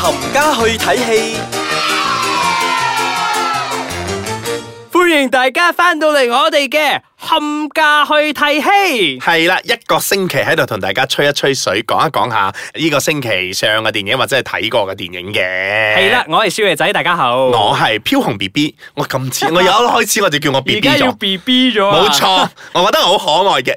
冚家去睇戲，啊、歡迎大家返到嚟我哋嘅。冚家去睇戲，係啦，一個星期喺度同大家吹一吹水，講一講下呢個星期上嘅電影或者係睇過嘅電影嘅。係啦，我係少爺仔，大家好。我係飄紅 B B，我咁次 我由一開始我就叫我 B B 咗，B B 咗，冇錯，我覺得好可愛嘅。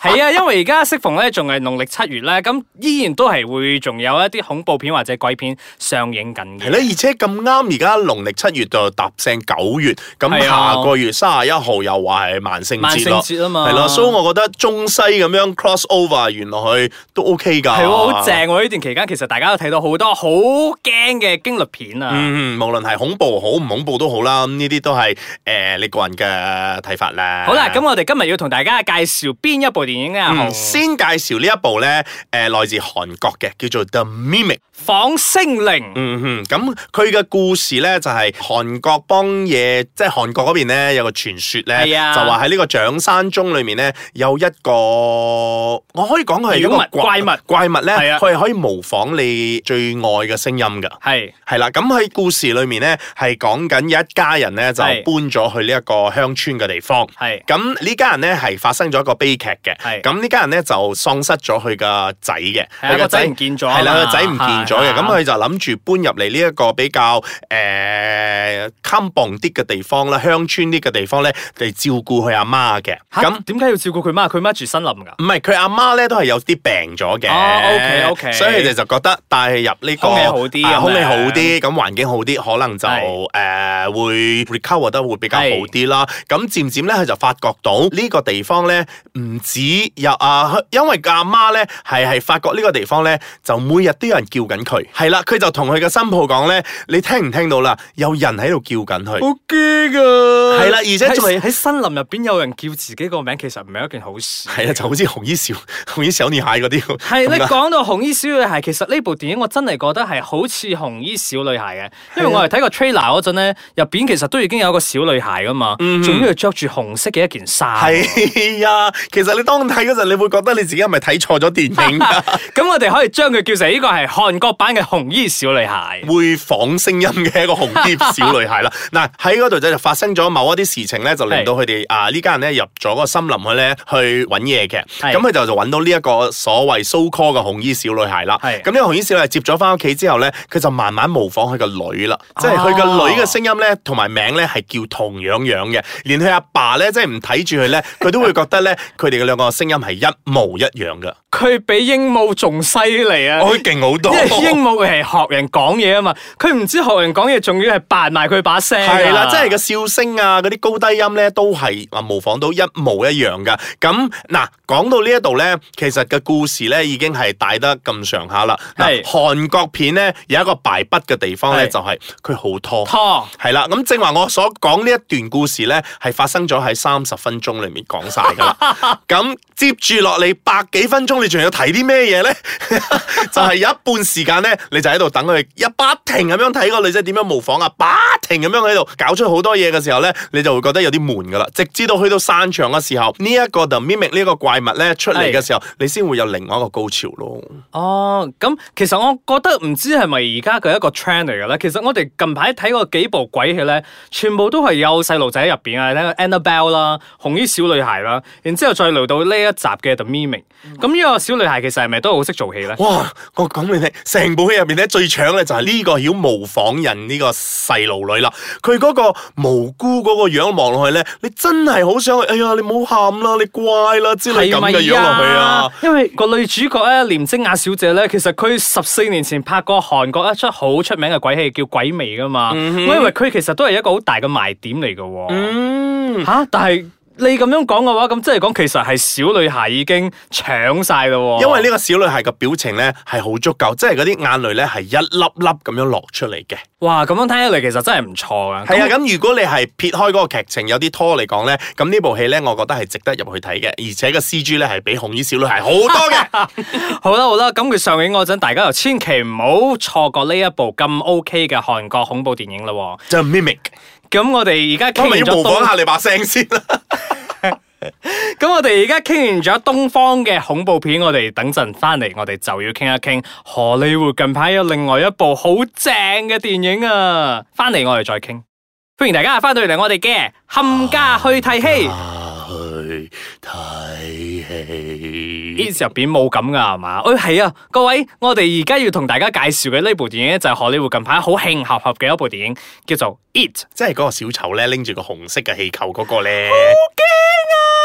係啊， 因為而家適逢咧，仲係農曆七月咧，咁依然都係會仲有一啲恐怖片或者鬼片上映緊嘅。係啦，而且咁啱而家農曆七月就搭正九月，咁下個月三十一號又話。係萬聖節嘛，係咯，所以我覺得中西咁樣 cross over 原來係都 OK 㗎，係喎，好正喎！呢、啊、段期間其實大家都睇到好多好驚嘅驚慄片啊。嗯，無論係恐怖好唔恐怖好都、呃、啦好啦，呢啲都係誒你個人嘅睇法啦。好啦，咁我哋今日要同大家介紹邊一部電影咧，嗯？先介紹呢一部咧，誒、呃、來自韓國嘅叫做 The《The Mimic》仿聲靈。嗯嗯，咁佢嘅故事咧就係、是、韓國幫嘢，即係韓國嗰邊咧有個傳說咧，係啊。就話喺呢個長山中裏面咧，有一個我可以講佢係一個怪物，怪物咧係啊，佢係可以模仿你最愛嘅聲音嘅。係係啦，咁喺、啊、故事裏面咧係講緊有一家人咧就搬咗去呢一個鄉村嘅地方。係咁呢家人咧係發生咗一個悲劇嘅。係咁呢家人咧就喪失咗佢個仔嘅，係個仔唔見咗。係啦、啊，個仔唔見咗嘅，咁佢、啊、就諗住搬入嚟呢一個比較誒襟傍啲嘅地方啦，鄉村啲嘅地方咧嚟照。照顧佢阿媽嘅，咁點解要照顧佢媽？佢媽住森林噶，唔係佢阿媽咧，都係有啲病咗嘅。哦、啊、OK、OK，所以佢哋就覺得帶佢入呢、呢個空氣好啲、啊、空氣好啲，咁環境好啲，可能就誒是、呃、會 recover 得會比較好啲啦。咁漸漸咧，佢就發覺到呢個地方咧，唔止有啊，因為個阿媽咧係係發覺呢個地方咧，就每日都有人叫緊佢。係啦，佢就同佢嘅新抱講咧，你聽唔聽到啦？有人喺度叫緊佢，好驚啊！係啦，而且仲係喺森林。入邊有人叫自己個名，其實唔係一件好事。係啊，就好似紅衣小紅衣小女孩嗰啲。係咧的，講樣到紅衣小女孩，其實呢部電影我真係覺得係好似紅衣小女孩嘅，因為我係睇過 trailer 嗰陣咧，入邊其實都已經有一個小女孩噶嘛，仲、嗯、要着住紅色嘅一件衫。係啊，其實你當睇嗰陣，你會覺得你自己係咪睇錯咗電影？咁 我哋可以將佢叫成呢個係韓國版嘅紅衣小女孩，會仿聲音嘅一個紅衣小女孩 啦。嗱，喺嗰度就發生咗某一啲事情咧，就令到佢哋。啊！呢家人咧入咗個森林去咧，去揾嘢嘅。咁佢就就揾到呢一個所謂 so call 嘅紅衣小女孩啦。咁呢個紅衣小女孩接咗翻屋企之後咧，佢就慢慢模仿佢個女啦。即係佢個女嘅聲音咧，同埋名咧係叫同樣樣嘅。連佢阿爸咧，即係唔睇住佢咧，佢都會覺得咧，佢哋嘅兩個聲音係一模一樣嘅。佢比鸚鵡仲犀利啊！佢勁好多。因為鸚鵡係學人講嘢啊嘛，佢唔知學人講嘢，仲要係扮埋佢把聲。係啦，即係個笑聲啊，嗰啲高低音咧都係。係模仿到一模一樣噶，咁嗱講到呢一度呢，其實個故事呢已經係大得咁上下啦。係韓是國片呢，有一個敗筆嘅地方呢，是就係佢好拖拖係啦。咁正話我所講呢一段故事呢，係發生咗喺三十分鐘裏面講晒噶啦。咁 接住落嚟百幾分鐘，你仲要睇啲咩嘢呢？ 就係有一半時間呢，你就喺度等佢一不停咁樣睇個女仔點樣模仿啊，不停咁樣喺度搞出好多嘢嘅時候呢，你就會覺得有啲悶噶啦。直至到去到散場嘅時候，呢、這、一個 The Mimic 呢一個怪物咧出嚟嘅時候，的你先會有另外一個高潮咯。哦，咁、嗯、其實我覺得唔知係咪而家嘅一個 trend 嚟嘅咧。其實我哋近排睇過幾部鬼戲咧，全部都係有細路仔喺入邊啊，例如 Annabelle 啦、紅衣小女孩啦，然之後再嚟到呢一集嘅 The Mimic。咁呢、嗯嗯嗯、個小女孩其實係咪都好識做戲咧？哇！我講俾你聽，成部戲入邊咧最搶嘅就係呢、這個要模仿人呢個細路女啦，佢嗰、那個無辜嗰個樣望落去咧，你.真係好想，哎呀，你唔好喊啦，你乖啦之類咁嘅樣落、啊、去啊！因為個女主角咧，廉晶雅小姐咧，其實佢十四年前拍過韓國一出好出名嘅鬼戲，叫《鬼魅》噶嘛。嗯、哼我以為佢其實都係一個好大嘅賣點嚟嘅。嗯，吓，但係。你咁樣講嘅話，咁即係講，其實係小女孩已經搶晒咯。因為呢個小女孩嘅表情呢係好足夠，即係嗰啲眼淚呢係一粒粒咁樣落出嚟嘅。哇，咁樣聽起嚟其實真係唔錯啊！係啊，咁如果你係撇開嗰個劇情有啲拖嚟講呢，咁呢部戲呢我覺得係值得入去睇嘅，而且個 C G 呢係比紅衣小女孩好多嘅。 好啦好啦，咁佢上映嗰陣，大家又千祈唔好錯過呢一部咁 O K 嘅韓國恐怖電影啦、啊。就係 Mimic。咁我哋而家，我咪要模仿下你把聲先啦。咁 我哋而家傾完咗東方嘅恐怖片，我哋等陣翻嚟，我哋就要傾一傾，荷里活近排有另外一部好正嘅電影啊！翻嚟，我哋再傾。歡迎大家翻到嚟我哋嘅冚家去睇戲。Hey, hey, hey, hey. It 入邊冇咁噶係嘛？誒係啊，各位，我哋而家要同大家介紹嘅呢部電影咧 就係荷里活近排好興合合嘅一部電影，叫做《It》，即係嗰個小丑咧拎住個紅色嘅氣球嗰個咧。 好驚啊！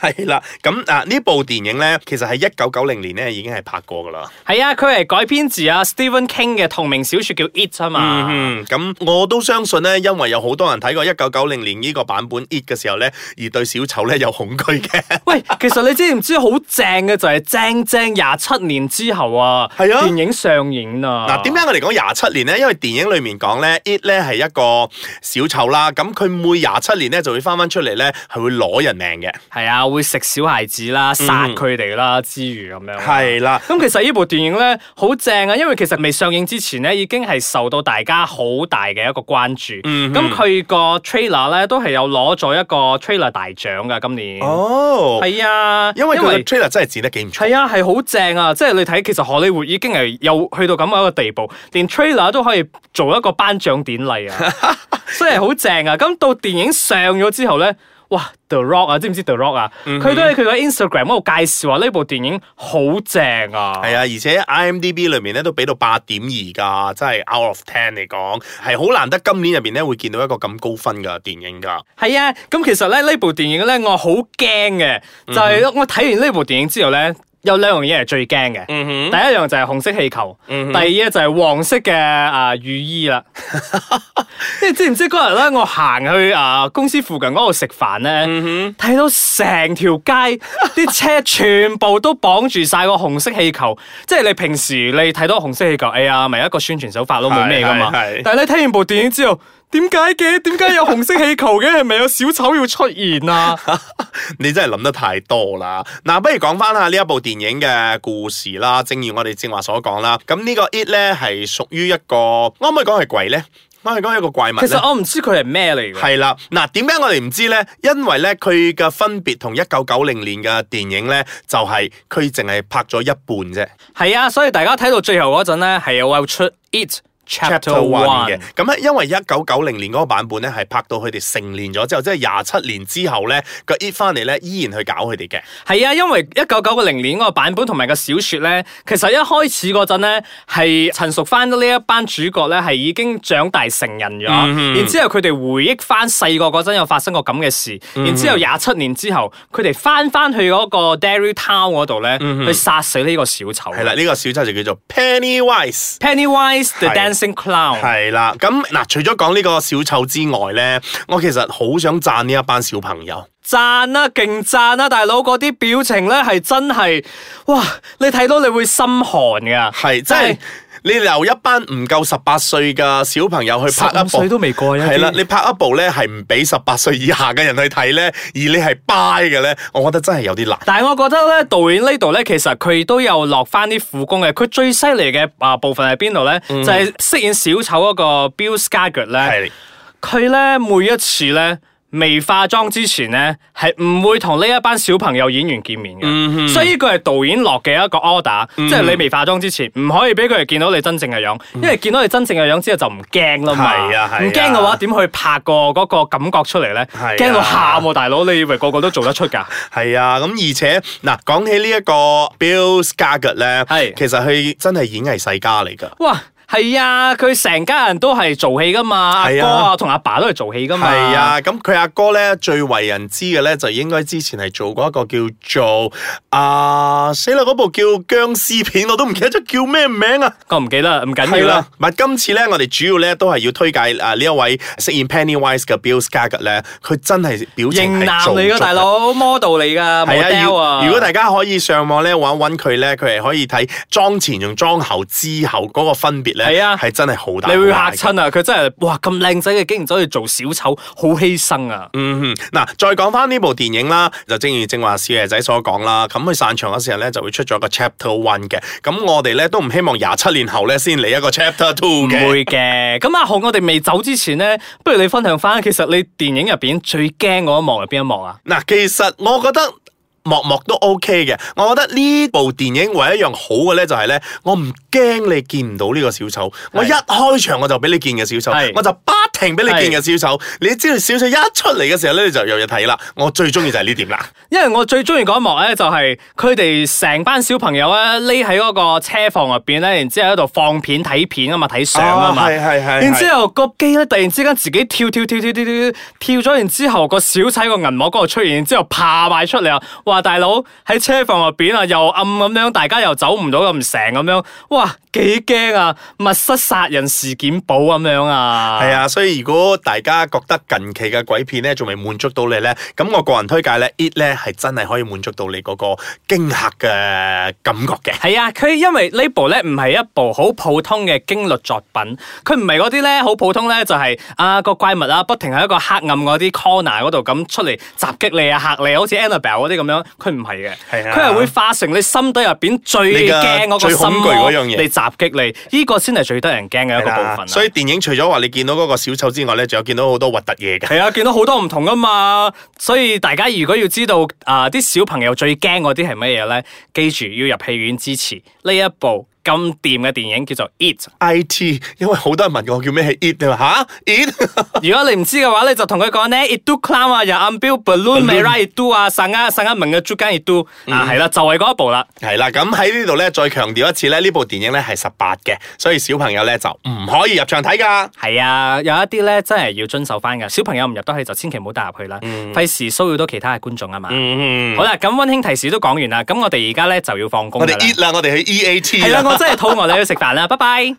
係啦，咁啊呢部電影呢，其實係一九九零年呢已經係拍過噶啦。係啊，佢係改編自啊 Stephen King 嘅同名小說叫 It 啊嘛。嗯，咁我都相信呢，因為有好多人睇過一九九零年呢個版本 It 嘅時候呢，而對小丑呢有恐懼嘅。 喂，其實你知唔知好正嘅就係正正廿七年之後啊？係 啊！電影上映啊！嗱、啊，點解我哋講廿七年呢？因為電影裏面講呢，It 呢《It 呢係一個小丑啦，咁、啊、佢每廿七年呢就會翻翻出嚟，呢係會攞人命嘅。係啊。 會食小孩子啦，殺佢哋啦，嗯、哼之餘咁樣。係啦、嗯哼，咁其實呢部電影咧好正啊，因為其實未上映之前咧，已經係受到大家好大嘅一個關注。咁佢個、嗯、哼 trailer 咧都係有攞咗一個 trailer 大獎噶，今年。哦，係啊，因為因為 trailer 真係剪得幾唔錯。係啊，係好正啊，即係你睇，其實荷里活已經係有去到咁樣一個地步，連 trailer 都可以做一個頒獎典禮 啊，真係好正啊。咁到電影上咗之後咧。哇，The Rock 啊，知唔知 The Rock 啊？佢都喺、嗯、佢哼個 Instagram 嗰度介紹話呢部電影好正啊！係啊，而且 IMDB 裏面咧都俾到八點二噶，真係 out of ten 嚟講，係好難得。今年入邊咧會見到一個咁高分嘅電影噶。係啊，咁其實咧呢部電影咧我好驚嘅，就係、是、我睇完呢部電影之後咧。有兩樣嘢係最驚嘅，mm hmm. 第一樣就係紅色氣球，mm hmm. 第二咧就係黃色嘅啊、呃、雨衣啦。 你知唔知嗰日咧我行去啊、呃、公司附近嗰度食飯咧，睇、mm hmm. 到成條街啲 車全部都綁住晒個紅色氣球，即係你平時你睇到紅色氣球，哎呀，咪一個宣傳手法咯，冇咩噶嘛。但係你睇完部電影之後。點解嘅？點解有紅色氣球嘅？係咪 有小丑要出現啊？ 你真係諗得太多啦！嗱，不如講翻下呢一部電影嘅故事啦。正如我哋正話所講啦，咁呢個 it 咧係屬於一個，可唔可以講係鬼呢，可唔可以講一個怪物呢？其實我唔知佢係咩嚟嘅。係啦，嗱，點解我哋唔知呢？因為呢，佢嘅分別同一九九零年嘅電影呢，就係佢淨係拍咗一半啫。係啊，所以大家睇到最後嗰陣呢，係有出 it。Chapter One 嘅。咁咧，因為一九九零年嗰個版本咧，係拍到佢哋成年咗之後，即係廿七年之後咧，個 It 翻嚟，咧，依然去搞佢哋嘅。係啊，因為一九九零年嗰個版本同埋個小說咧，其實一開始嗰陣咧，係陳述翻咗呢一班主角咧，係已經長大成人咗。Mm hmm. 然之後佢哋回憶翻細個嗰陣有發生過咁嘅事。Mm hmm. 然之後廿七年之後，佢哋翻翻去嗰個 Derry Town 嗰度咧，去殺死呢個小丑。係啦、mm，呢、hmm. 啊，這個小丑就叫做 Pennywise。Pennywise the Dancer 姓 clown，係啦，咁嗱，除咗講呢個小丑之外呢，我其實好想讚呢一班小朋友，讚啦、啊，勁讚啦，大佬嗰啲表情呢係真係，哇！你睇到你會心寒噶，係真係。就是就是你留一班唔夠十八歲嘅小朋友去拍一部，十五歲都未過啊！係啦，你拍一部咧，係唔俾十八歲以下嘅人去睇咧，而你係 buy 嘅咧，我覺得真係有啲難。但係我覺得咧，導演呢度咧，其實佢都有落翻啲苦功嘅。佢最犀利嘅啊部分係邊度咧？嗯、哼就係飾演小丑嗰個 Bill Skarsgård 咧，佢咧的每一次咧。未化妝之前咧，係唔會同呢一班小朋友演員見面嘅，mm hmm. 所以呢個係導演落嘅一個 order，mm hmm. 即係你未化妝之前唔可以俾佢哋見到你真正嘅樣，因為見到你真正嘅樣之後就唔驚啦嘛，唔驚嘅話點、啊、去拍個嗰個感覺出嚟咧？驚、啊、到喊喎、啊、大佬，你以為個個都做得出噶係啊，咁而且嗱，講起呢一個 Bill Skarsgård 咧，係其實佢真係演藝世家嚟噶哇。係啊，佢成家人都係做戲噶嘛，阿、啊、哥啊同阿爸都係做戲噶嘛。係啊，咁佢阿哥咧最為人知嘅咧就應該之前係做過一個叫做啊死啦嗰部叫僵屍片，我都唔記得咗叫咩名啊，我唔記得，唔緊要啦。咁今次咧我哋主要咧都係要推介啊飾呢一位飾演 Pennywise 嘅 Bill Skaggs 咧，佢真係表情型男嚟噶大佬，model 嚟噶冇啊！啊啊如果大家可以上網咧，搵搵佢咧，佢係可以睇妝前同妝後之後嗰個分別。係啊，係真係好大，你會嚇親啊！佢真係哇咁靚仔嘅，竟然走去做小丑，好犧牲啊！嗯哼，嗱，再講翻呢部電影啦，就正如正話小爺仔所講啦。咁佢散場嗰時候咧，就會出咗個 Chapter One 嘅。咁我哋咧都唔希望廿七年後咧先嚟一個 Chapter Two 嘅。唔會嘅。咁阿雄，我哋未走之前咧，不如你分享翻，其實你電影入邊最驚嗰一幕係邊一幕啊？嗱，其實我覺得。默默都 OK 嘅，我覺得呢部電影唯一一樣好嘅咧，就係、是、咧，我唔驚你見唔到呢個小丑，是我一開場我就俾你見嘅小丑，是我就。停俾你見嘅小丑，是你知道小丑一出嚟嘅時候咧，你就有嘢睇啦。我最中意就係呢點啦，因為我最中意嗰一幕咧、就係，就係佢哋成班小朋友咧，匿喺嗰個車房入邊咧，然後片片、哦、之後喺度放片睇片啊嘛，睇相啊嘛。係係係。然之後個機咧突然之間自己跳跳跳跳跳跳跳咗，然之後個小丑喺個銀幕嗰度出現，之後爬埋出嚟啊！哇，大佬喺車房入邊啊，又暗咁樣，大家又走唔到咁成咁樣，哇，幾驚啊！密室殺人事件簿咁樣啊！係啊，所以。如果大家覺得近期嘅鬼片咧，仲未滿足到你咧，咁我個人推介咧 ，It 咧係真係可以滿足到你嗰個驚嚇嘅感覺嘅。係啊，佢因為呢部咧唔係一部好普通嘅驚慄作品，佢唔係啲咧好普通咧，就係，就係啊個怪物啊不停喺一個黑暗啲 corner 度咁出嚟襲擊你啊吓你，好似 Annabelle 啲咁樣，佢唔係嘅，係啊，佢係會化成你心底入邊最驚嗰個恐懼嗰樣嘢你襲擊你，呢，呢個先係最得人驚嘅一個部分啊。所以電影除咗話你見到嗰個小之外咧，仲有見到好多核突嘢嘅。係啊，見到好多唔同噶嘛，所以大家如果要知道啊，啲、呃、小朋友最驚嗰啲係乜嘢咧，記住要入戲院支持呢一部。咁掂嘅電影叫做 It，I T，因為好多人問我，我叫咩？e，係 It 吓，It。 如果你唔知嘅話，你就同佢講咧，It Do Climb 啊，又 a b i l Balloon，未 r Do 啊，塞鴨塞鴨文嘅竹間熱 do，嗱係啦，就係、是、嗰一部啦。係啦，咁喺呢度咧，再強調一次咧，呢部電影咧係十八嘅，所以小朋友咧就唔可以入場睇噶。係啊，有一啲咧真係要遵守翻噶，小朋友唔入得去就千祈唔好帶入去啦，費事騷擾到其他嘅觀眾啊嘛。嗯、好啦，咁溫馨提示都講完啦，咁我哋而家咧就要放工我哋啦、e，我哋去 E A T 啦。 真係肚餓了，就去食飯啦！拜拜。